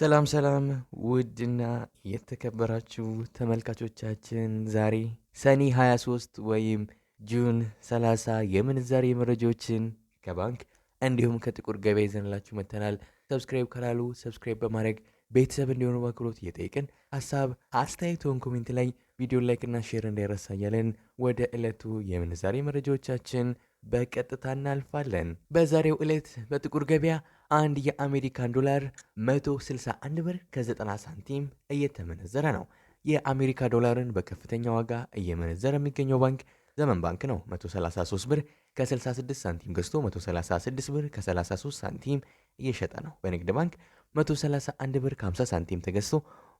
ሰላም ሰላም ውድና የተከበራችሁ ተመልካቾቻችን ዛሬ ሰኔ 23 ወይም ጁን 30 የምንዛሬ መረጃዎችን ከባንክ እንዲሁም ከጥቁር ገበያ ይዘንላችሁ መተናል ሰብስክራይብ ካላሉ ሰብስክራይብ በማድረግ ቤተሰብ እንዲሆኑ በአክብሮት እየጠየቅን ሀሳብ አስተያየቶን ኮሜንት ላይ ቪዲዮ ላይክና ሼር እንዳይረሳ እያለን ወደ ዕለቱ የምንዛሬ መረጃዎቻችን በቀጥታ እናልፋለን። በዛሬው ዕለት በጥቁር ገበያ አንድ የአሜሪካን ዶላር 161 ብር ከ90 ሳንቲም እየተመነዘረ ነው። የአሜሪካ ዶላርን በከፍተኛ ዋጋ እየመነዘረ የሚገኘው ባንክ ዘመን ባንክ ነው። 133 ብር ከ66 ሳንቲም ገዝቶ 136 ብር ከ33 ሳንቲም እየሸጠ ነው። በንግድ ባንክ 131 ብር ከ50 ሳንቲም ተገዝቶ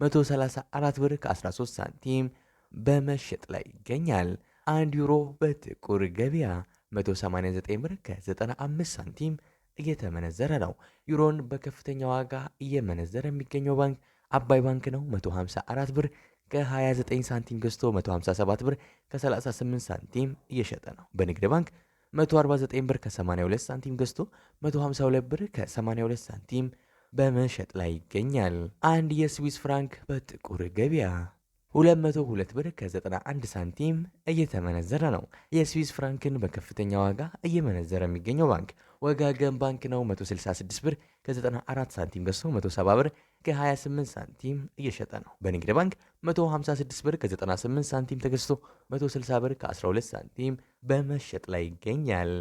134 ብር ከ13 ሳንቲም በመሸጥ ላይ ይገኛል። አንድ ዩሮ በጥቁር ገበያ 189 ብር ከ95 ሳንቲም እየተመነዘረ ነው። ዩሮን በከፍተኛ ዋጋ እየመነዘረ የሚገኘው ባንክ አባይ ባንክ ነው። 154 ብር ከ29 ሳንቲም ገዝቶ 157 ብር ከ38 ሳንቲም እየሸጠ ነው። በንግድ ባንክ 149 ብር ከ82 ሳንቲም ገዝቶ 152 ብር ከ82 ሳንቲም በመሸጥ ላይ ይገኛል። አንድ የስዊስ ፍራንክ በጥቁር ገበያ 202 ብር ከ91 ሳንቲም እየተመነዘረ ነው። የስዊስ ፍራንክን በከፍተኛ ዋጋ እየመነዘረ የሚገኘው ባንክ ወጋገን ባንክ ነው። 166 ብር ከ94 ሳንቲም ገዝቶ 170 ብር ከ28 ሳንቲም እየሸጠ ነው። በንግድ ባንክ 156 ብር ከ98 ሳንቲም ተገዝቶ 160 ብር ከ12 ሳንቲም በመሸጥ ላይ ይገኛል።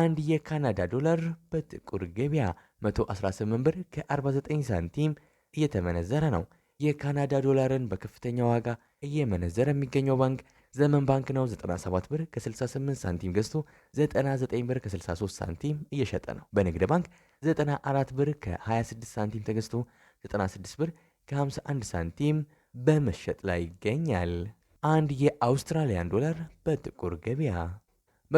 አንድ የካናዳ ዶላር በጥቁር ገበያ 118 ብር ከ49 ሳንቲም እየተመነዘረ ነው። የካናዳ ዶላርን በከፍተኛ ዋጋ እየመነዘረ የሚገኘው ባንክ ዘመን ባንክ ነው። 97 ብር ከ68 ሳንቲም ገዝቶ 99 ብር ከ63 ሳንቲም እየሸጠ ነው። በንግድ ባንክ 94 ብር ከ26 ሳንቲም ተገዝቶ 96 ብር ከ51 ሳንቲም በመሸጥ ላይ ይገኛል። አንድ የአውስትራሊያን ዶላር በጥቁር ገበያ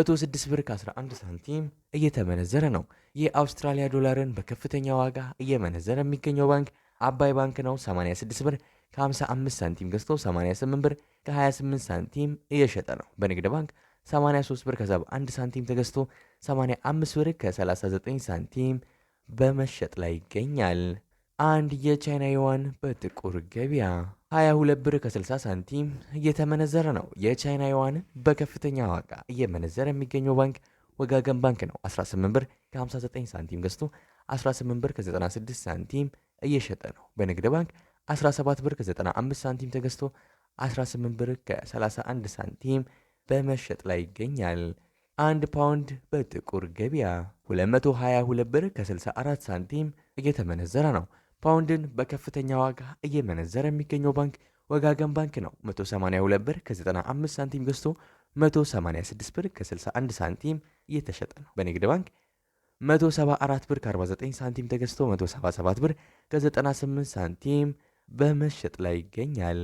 106 ብር ከ11 ሳንቲም እየተመነዘረ ነው። የአውስትራሊያ ዶላርን በከፍተኛ ዋጋ እየመነዘረ የሚገኘው ባንክ አባይ ባንክ ነው 86 ብር ከ55 ሳንቲም ገዝቶ 88 ብር ከ28 ሳንቲም እየሸጠ ነው። በንግድ ባንክ 83 ብር ከ71 ሳንቲም ተገዝቶ 85 ብር ከ39 ሳንቲም በመሸጥ ላይ ይገኛል። አንድ የቻይና ዩዋን በጥቁር ገበያ 22 ብር ከ60 ሳንቲም እየተመነዘረ ነው። የቻይና ዩዋን በከፍተኛ ዋጋ እየመነዘረ የሚገኘው ባንክ ወጋገን ባንክ ነው። 18 ብር ከ59 ሳንቲም ገዝቶ 18 ብር ከ96 ሳንቲም እየሸጠ ነው። በንግድ ባንክ 17 ብር ከ95 ሳንቲም ተገዝቶ 18 ብር ከ31 ሳንቲም በመሸጥ ላይ ይገኛል። አንድ ፓውንድ በጥቁር ገበያ 222 ብር ከ64 ሳንቲም እየተመነዘረ ነው። ፓውንድን በከፍተኛ ዋጋ እየመነዘረ የሚገኘው ባንክ ወጋገን ባንክ ነው። 182 ብር ከ95 ሳንቲም ገዝቶ 186 ብር ከ61 ሳንቲም እየተሸጠ ነው። በንግድ ባንክ 174 ብር ከ49 ሳንቲም ተገዝቶ 177 ብር ከ98 ሳንቲም በመሸጥ ላይ ይገኛል።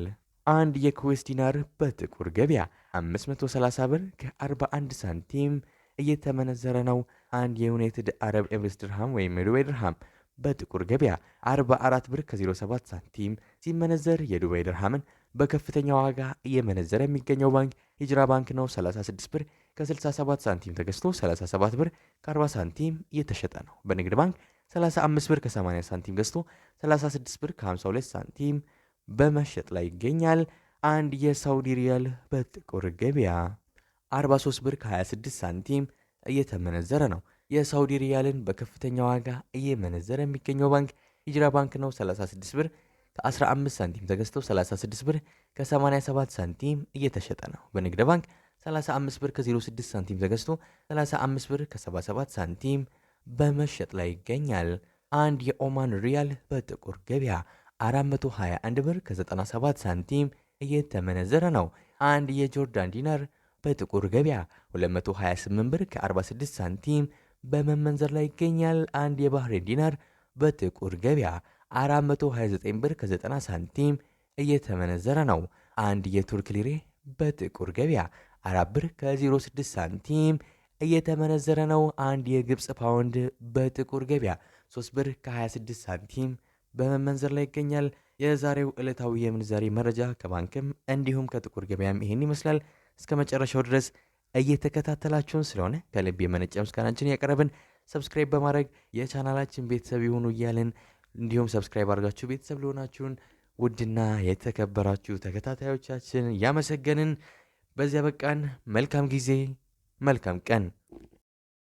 አንድ የኩዌስ ዲናር በጥቁር ገበያ 530 ብር ከ41 ሳንቲም እየተመነዘረ ነው። አንድ የዩናይትድ አረብ ኤምሬትስ ድርሃም ወይም የዱባይ ድርሃም በጥቁር ገበያ 44 ብር ከ07 ሳንቲም ሲመነዘር የዱባይ ድርሃምን በከፍተኛ ዋጋ እየመነዘረ የሚገኘው ባንክ ሂጅራ ባንክ ነው። 36 ብር ከ67 ሳንቲም ተገዝቶ 37 ብር ከ40 ሳንቲም እየተሸጠ ነው። በንግድ ባንክ 35 ብር ከ80 ሳንቲም ገዝቶ 36 ብር ከ52 ሳንቲም በመሸጥ ላይ ይገኛል። አንድ የሳውዲ ሪያል በጥቁር ገበያ 43 ብር ከ26 ሳንቲም እየተመነዘረ ነው። የሳውዲ ሪያልን በከፍተኛ ዋጋ እየመነዘረ የሚገኘው ባንክ ሂጅራ ባንክ ነው። 36 ብር ከ15 ሳንቲም ተገዝቶ 36 ብር ከ87 ሳንቲም እየተሸጠ ነው። በንግድ ባንክ 35 ብር ከ06 ሳንቲም ተገዝቶ 35 ብር ከ77 ሳንቲም በመሸጥ ላይ ይገኛል። አንድ የኦማን ሪያል በጥቁር ገበያ 421 ብር ከ97 ሳንቲም እየተመነዘረ ነው። አንድ የጆርዳን ዲናር በጥቁር ገበያ 228 ብር ከ46 ሳንቲም በመመንዘር ላይ ይገኛል። አንድ የባህሬን ዲናር በጥቁር ገበያ 429 ብር ከ90 ሳንቲም እየተመነዘረ ነው። አንድ የቱርክ ሊሬ በጥቁር ገበያ 4 ብር ከ06 ሳንቲም እየተመነዘረ ነው። አንድ የግብፅ ፓውንድ በጥቁር ገበያ 3 ብር ከ26 ሳንቲም በመመንዘር ላይ ይገኛል። የዛሬው ዕለታዊ የምንዛሬ መረጃ ከባንክም እንዲሁም ከጥቁር ገበያም ይሄን ይመስላል። እስከ መጨረሻው ድረስ እየተከታተላችሁን ስለሆነ ከልብ የመነጨ ምስጋናችን ያቀረብን። ሰብስክራይብ በማድረግ የቻናላችን ቤተሰብ ይሁኑ እያልን እንዲሁም ሰብስክራይብ አድርጋችሁ ቤተሰብ ለሆናችሁን ውድና የተከበራችሁ ተከታታዮቻችን እያመሰገንን በዚያ በቃን። መልካም ጊዜ፣ መልካም ቀን